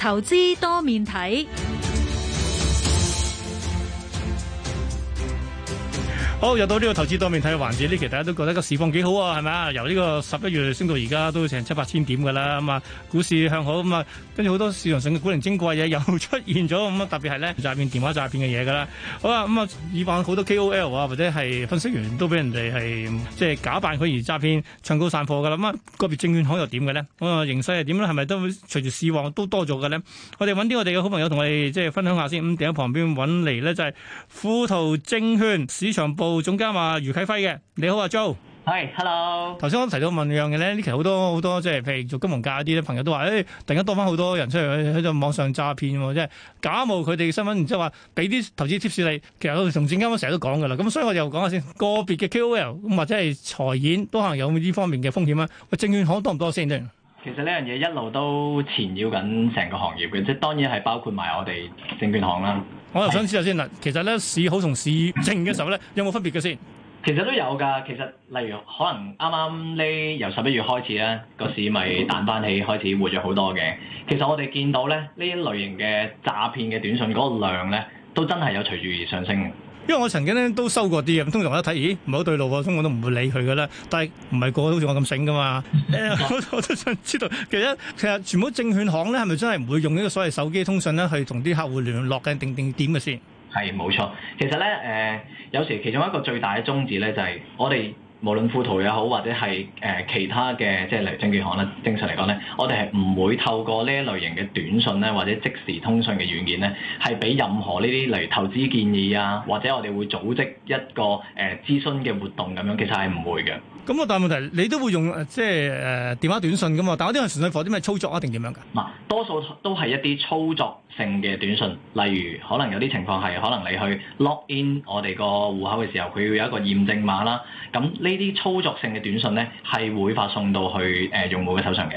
投資多面睇。好，又到呢個投資多面睇嘅環節，呢期大家都覺得個市況幾好啊，係咪啊？由呢個十一月升到而家都成七八千點㗎啦，咁、嗯、啊股市向好，咁啊跟住好多市場上嘅古靈精怪嘢又出現咗，咁、嗯、啊特別係咧詐騙電話詐騙嘅嘢㗎啦。好啦，咁、嗯、啊以往好多 K O L 啊或者係分析員都俾人哋係即係假扮佢而詐騙、唱高散貨㗎啦。咁、嗯、啊，個別證券行又點嘅咧？啊、嗯、形勢係點咧？係咪都會隨住市旺都多咗嘅咧？我哋揾啲我哋嘅好朋友同我哋即係分享下先。咁、嗯、喺旁邊揾嚟咧就係、是、富途證券市場部總監話余啟輝嘅，你好啊，Joe。係 Hi,，hello。頭先我提到問樣嘢咧，呢期好多好多即係，譬如做金融界啲咧朋友都話，誒、哎，突然間多翻好多人出嚟喺喺度網上詐騙，即係假冒佢哋嘅身份，然之後話俾啲投資貼士你，其實同證監會成日都講噶啦，咁所以我又講下先，個別嘅 KOL 或者係財演，都可能有呢方面嘅風險啊。喂，證券行多唔多先？其實呢樣嘢一路都纏繞緊成個行業嘅，即係當然係包括埋我哋證券行啦。我又想知下先嗱，其實咧市好同市靜嘅時候咧，有冇分別嘅先？其實都有㗎，其實例如可能啱啱呢由十一月開始咧，個市咪彈翻起，開始活躍好多嘅。其實我哋見到咧呢一類型嘅詐騙嘅短信嗰個量咧，都真係有隨住而上升。因為我曾經咧都收過啲嘢，通常通常我一睇，咦，唔係好對路，咁我都唔會理佢噶啦。但係唔係個個都好似我咁醒噶嘛？ 我都想知道，其實其實全部證券行咧係咪真係唔會用呢個所謂手機通訊咧去同啲客戶聯絡嘅定定點嘅先？係，冇錯，其實咧誒、呃，有時其中一個最大嘅宗旨咧就係我哋。無論富途也好，或者係誒、呃、其他嘅，即係例如證券行啦，正常嚟講咧，我哋係唔會透過呢一類型嘅短信咧，或者即時通訊嘅軟件咧，係俾任何呢啲例如投資建議啊，或者我哋會組織一個誒、呃、諮詢嘅活動咁樣，其實係唔會嘅。咁個大問題係你都會用即係誒電話短信噶嘛？但我嗰啲係純粹 for 啲咩操作啊，定點樣㗎？嗱，多數都係一啲操作性嘅短信，例如可能有啲情況係可能你去 log in 我哋個戶口嘅時候，佢要有一個驗證碼啦，咁呢？呢啲操作性嘅短訊咧，係會發送到去誒、呃、用戶嘅手上嘅。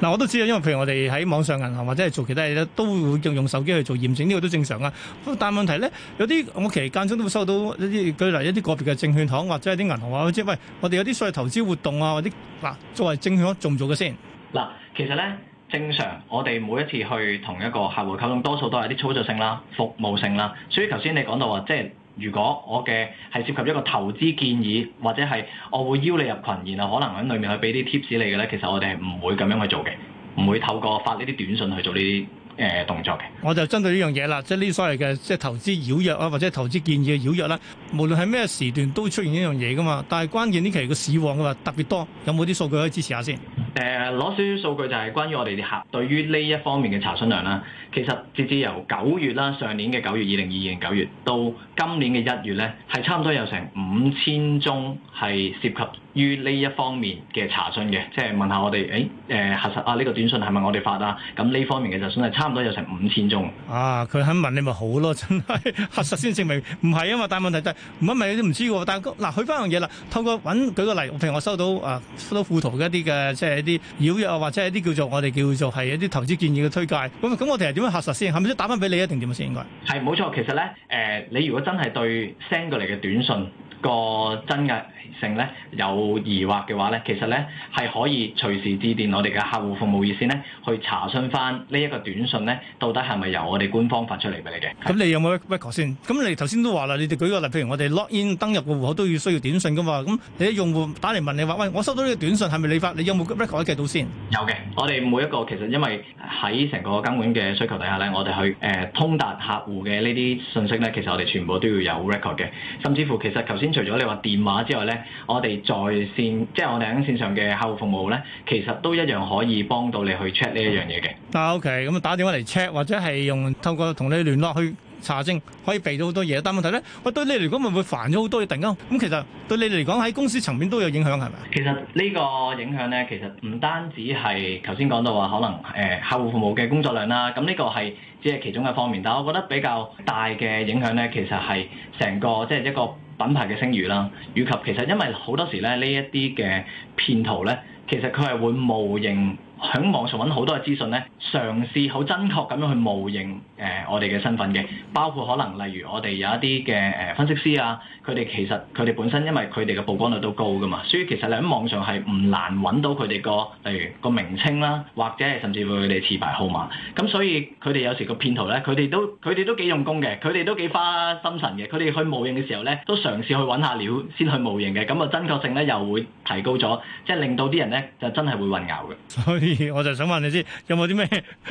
嗱，我都知道，因為譬如我哋喺網上銀行或者係做其他嘢咧，都會用用手機去做驗證，呢、這個都正常噶。但係問題咧，有啲我其實間中都會收到一啲，舉例一啲個別嘅證券行或者係啲銀行話，即係喂，我哋有啲所謂投資活動啊，或者嗱，作為證券行，行做唔做嘅先？嗱，其實咧，正常我哋每一次去同一個客戶溝通，多數都係啲操作性啦、服務性啦。所以頭先你講到話，即係。如果我嘅係涉及一個投資建議，或者係我會邀你入群，然後可能喺裡面去俾啲貼士你嘅咧，其實我哋係唔會咁樣去做嘅，唔會透過發呢啲短信去做呢啲。誒動作嘅，我就針對呢樣嘢啦，即係呢所謂嘅即係投資邀約啊，或者投資建議嘅邀約啦，無論係咩時段都出現呢樣嘢噶嘛。但係關鍵呢期個市況噶嘛特別多，有冇啲數據可以支持下先？誒、呃，攞少少數據就係關於我哋啲客對於呢一方面嘅查詢量啦。其實直至由九月啦，上年嘅九月二零二二年九月到今年嘅一月咧，係差唔多有成五千宗係涉及於呢一方面嘅查詢嘅，即係問下我哋，誒、哎、誒、呃、核實啊呢、呢個短訊係咪我哋發啊？咁呢方面嘅就算係差唔多有成五千宗。啊，佢肯問你咪好咯，真係核實先證明唔係啊嘛。但問題就係唔係你都唔知喎。但嗱、啊，去翻樣嘢啦，透過揾舉個例，譬如我收到啊收到富途嘅一啲嘅，即係一啲邀約或者一啲叫做我哋叫做係一啲投資建議嘅推介。咁咁我哋係點樣核實先？係咪先打翻俾你一定點先應該？係冇錯，其實咧誒、呃，你如果真係對 send 過嚟嘅短訊個真嘅，剩咧有疑惑嘅話咧，其實咧係可以隨時致電我哋嘅客戶服務熱線咧，去查詢翻呢一個短信咧，到底係咪由我哋官方發出嚟俾你嘅？咁你有冇 record 先？咁你頭先都話啦，你哋舉個例，譬如我哋 login 登入個戶口都要需要短信噶嘛？咁你啲用戶打嚟問你話，喂，我收到呢個短信係咪你發？你有冇 record 一記到先？有嘅，我哋每一個其實因為喺成個監管嘅需求底下咧，我哋去誒、呃、通達客戶嘅呢啲信息咧，其實我哋全部都要有 record 嘅，甚至乎其實頭先除咗你話電話之外咧。我哋在線，即係我哋喺線上嘅客戶服務咧，其實都一樣可以幫到你去 check 呢一樣嘢嘅。嗱，OK，咁啊打電話嚟 check，或者係用透過同你聯絡去查證，可以避到好多嘢。但問題咧，喂對你嚟講會唔會煩咗好多嘢？突然間，咁其實對你嚟講喺公司層面都有影響係咪啊？其實呢個影響咧，其實唔單止係頭先講到話可能誒客戶服務嘅工作量啦，咁呢個係只係其中一方面。但係我覺得比較大嘅影響咧，其實係成個即係一個。品牌嘅聲譽啦，以及其實因為好多時咧，呢一啲嘅騙徒咧，其實佢係會冒認。喺網上揾好多嘅資訊咧，嘗試好精確咁樣去模擬誒我哋嘅身份嘅，包括可能例如我哋有一啲嘅誒分析師啊，佢哋其實佢哋本身因為佢哋嘅曝光率都高㗎嘛，所以其實你喺網上係唔難揾到佢哋個例如個名稱啦，或者係甚至乎佢哋持牌號碼，咁所以佢哋有時個騙徒咧，佢哋都佢哋都幾用功嘅，佢哋都幾花心神嘅，佢哋去模擬嘅時候咧，都嘗試去揾下料先去模擬嘅，咁啊真確性咧又會提高咗，即係令到啲人咧就真係會混淆嘅。我就想問你先，有冇啲咩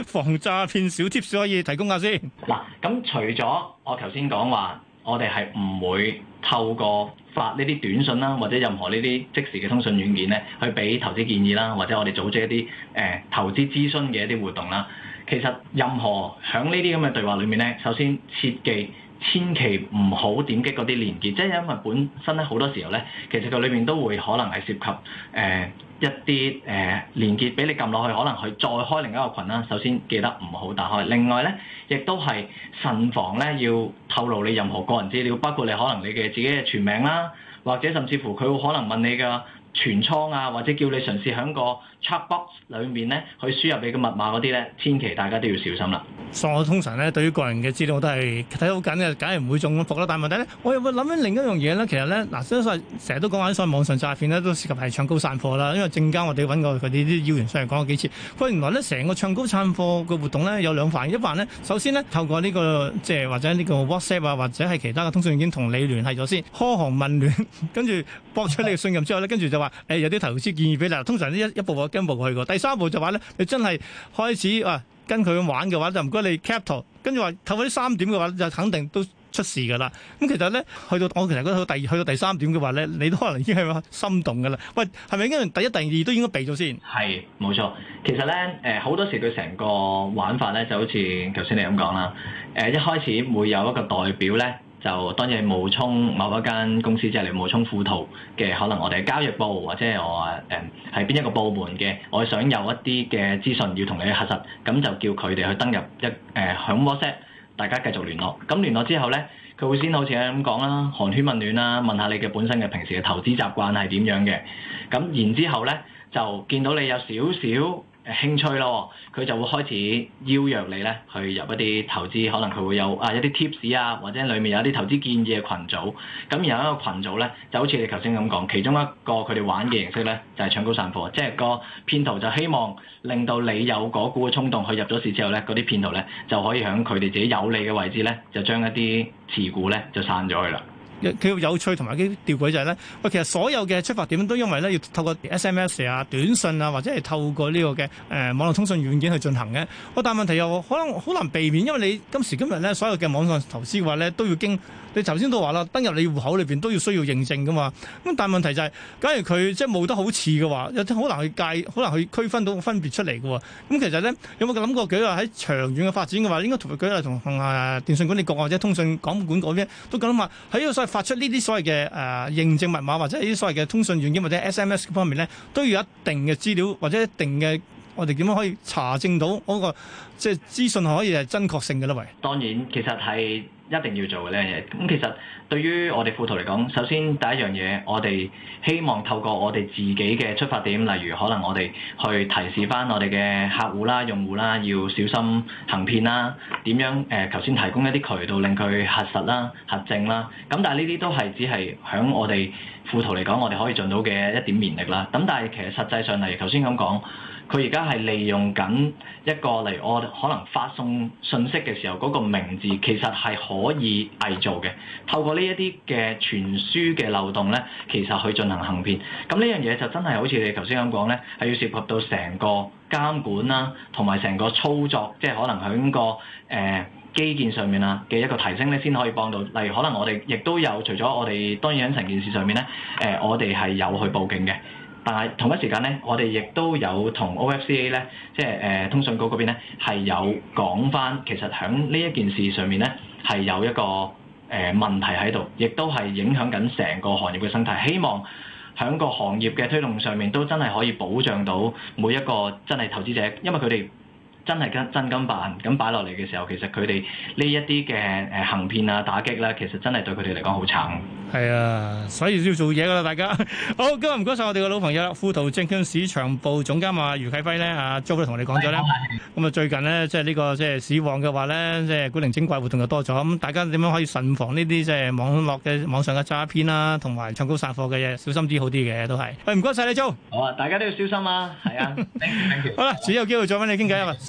防詐騙小貼士可以提供下先？嗱，咁除咗我頭先講話，我哋係唔會透過發呢啲短信啦，或者任何呢啲即時嘅通訊軟件咧，去俾投資建議啦，或者我哋組織一啲誒、呃、投資諮詢嘅一啲活動啦。其實任何響呢啲咁嘅對話裏面咧，首先切記。千祈唔好點擊嗰啲連結，即係因為本身咧好多時候咧，其實佢裏面都會可能係涉及誒、呃、一啲誒、呃、連結俾你撳落去，可能佢再開另一個群啦。首先記得唔好打開，另外咧亦都係慎防咧要透露你任何個人資料，包括你可能你嘅自己嘅全名啦，或者甚至乎佢會可能問你嘅全倉啊，或者叫你嘗試響個 checkbox 裏面咧，佢輸入你嘅密碼嗰啲咧，千祈大家都要小心啦。所以我通常咧，對於個人嘅資料，我都係睇好緊嘅，梗係唔會中咁伏啦。但係問題咧，我又會諗緊另一樣嘢咧。其實咧，嗱，相信成日都講話啲網上詐騙咧，都涉及係唱高散貨啦。因為正間我哋揾過佢哋啲要員上嚟講過幾次，佢原來咧成個唱高散貨嘅活動咧有兩範，一範咧首先咧透過呢、這個即係或者呢個 WhatsApp 啊，或者係其他嘅通訊軟件同你聯繫咗先，噓寒問暖，跟住博出你嘅信任之後咧，跟住就話誒有啲投資建議俾你。通常呢，一一部一步去過，第三步就話咧，你真係開始啊跟佢玩嘅話，就唔該你 capital 跟住話透嗰啲三點嘅話，就肯定都出事噶啦。咁、嗯、其實咧，去到我其實覺得第二，去到第三點嘅話咧，你都可能已經係心動噶啦。喂，係咪應該第一、第二都應該避咗先？係冇錯，其實咧，誒好多時佢成個玩法咧，就好似頭先你咁講啦，誒一開始會有一個代表咧。就當你冒充某一間公司，即、就、係、是、你冒充富途嘅，可能我哋嘅交易部或者我誒係邊一個部門嘅，我想有一啲嘅資訊要同你去核實，咁就叫佢哋去登入一誒喺、呃、WhatsApp，大家繼續聯絡。咁聯絡之後咧，佢會先好似咁講啦，寒暄問暖啦，問下你嘅本身嘅平時嘅投資習慣係點樣嘅，咁然之後咧就見到你有少少，誒興趣咯，佢就會開始邀約你咧去入一啲投資，可能佢會有啊有一啲 tips 啊，或者裡面有啲投資建議嘅群組。咁然後一個群組咧，就好似你頭先咁講，其中一個佢哋玩嘅形式咧，就係、是、唱高散貨，即係個騙徒就希望令到你有嗰股嘅衝動去入咗市之後咧，嗰啲騙徒咧就可以喺佢哋自己有利嘅位置咧，就將一啲持股咧就散咗去啦。佢有趣同埋啲吊詭就係咧，喂，其實所有嘅出發點都因為咧要透過 SMS 啊、短信啊，或者係透過呢、這個嘅誒網絡通訊軟件去進行嘅。喂，但問題又可能好難避免，因為你今時今日咧所有嘅網上投資嘅話咧都要經你頭先都話啦，登入你戶口裏邊都要需要認證噶嘛。咁但問題就係、是，假如佢即係冇得好似嘅話，有啲好難去界，好難去區分到分別出嚟嘅喎。咁其實咧，有冇嘅諗過佢話喺長遠嘅發展嘅話，應該同佢一同啊電信管理局或者通訊港管嗰邊都諗下喺發出呢啲所謂嘅誒認證密碼或者呢啲所謂嘅通訊軟件或者 SMS 方面咧，都要一定嘅資料或者一定嘅我哋點樣可以查證到嗰個即係資訊可以係真確性嘅咧？喂，當然，其實係。一定要做嘅呢樣嘢，咁其實對於我哋富途嚟講，首先第一樣嘢，我哋希望透過我哋自己嘅出發點，例如可能我哋去提示翻我哋嘅客戶啦、用戶啦，要小心行騙啦，點樣誒頭先提供一啲渠道令佢核實啦、核證啦，咁但係呢啲都係只係響我哋富途嚟講我哋可以盡到嘅一點綿力啦。咁但係其實實際上，例如頭先咁講，佢而家係利用緊一個嚟我可能發送信息嘅時候嗰個名字，其實係好。可以偽造嘅，透過呢一啲嘅傳輸嘅漏洞咧，其實去進行行騙咁呢樣嘢就真係好似你頭先咁講咧，係要涉及到成個監管啦、啊，同埋成個操作，即係可能響、個誒、呃、基建上面啊嘅一個提升咧，先可以幫到。例如可能我哋亦都有除咗我哋當然喺成件事上面咧，誒、呃、我哋係有去報警嘅，但係同一時間咧，我哋亦都有同 O F C A 咧，即係誒、呃、通訊局嗰邊咧係有講翻，其實響呢一件事上面咧。係有一個誒問題喺度，亦都係影響緊成個行業嘅生態。希望響個行業嘅推動上面，都真係可以保障到每一個真係投資者，因為佢哋。真係真金辦咁擺落嚟嘅時候，其實佢哋呢一啲嘅誒行騙啊、打擊啦，其實真係對佢哋嚟講好慘。係啊，所以要做嘢㗎啦，大家。 好，今日唔該晒我哋嘅老朋友，啦，富途證券市場部總監嘛，余啟輝咧阿 Joe 都同你講咗啦。咁啊，Joe, 啊最近咧即係呢個即係市況嘅話咧，即係、這個、古靈精怪活動又多咗。咁大家點樣可以慎防呢啲即係網絡嘅網上嘅詐騙啦、啊，同埋唱高散貨嘅嘢，小心啲好啲嘅都係。喂， 唔該晒你 Joe 好啊，大家都要小心啊，係啊。 謝謝好啦吧，下次有機會再揾你傾偈啊。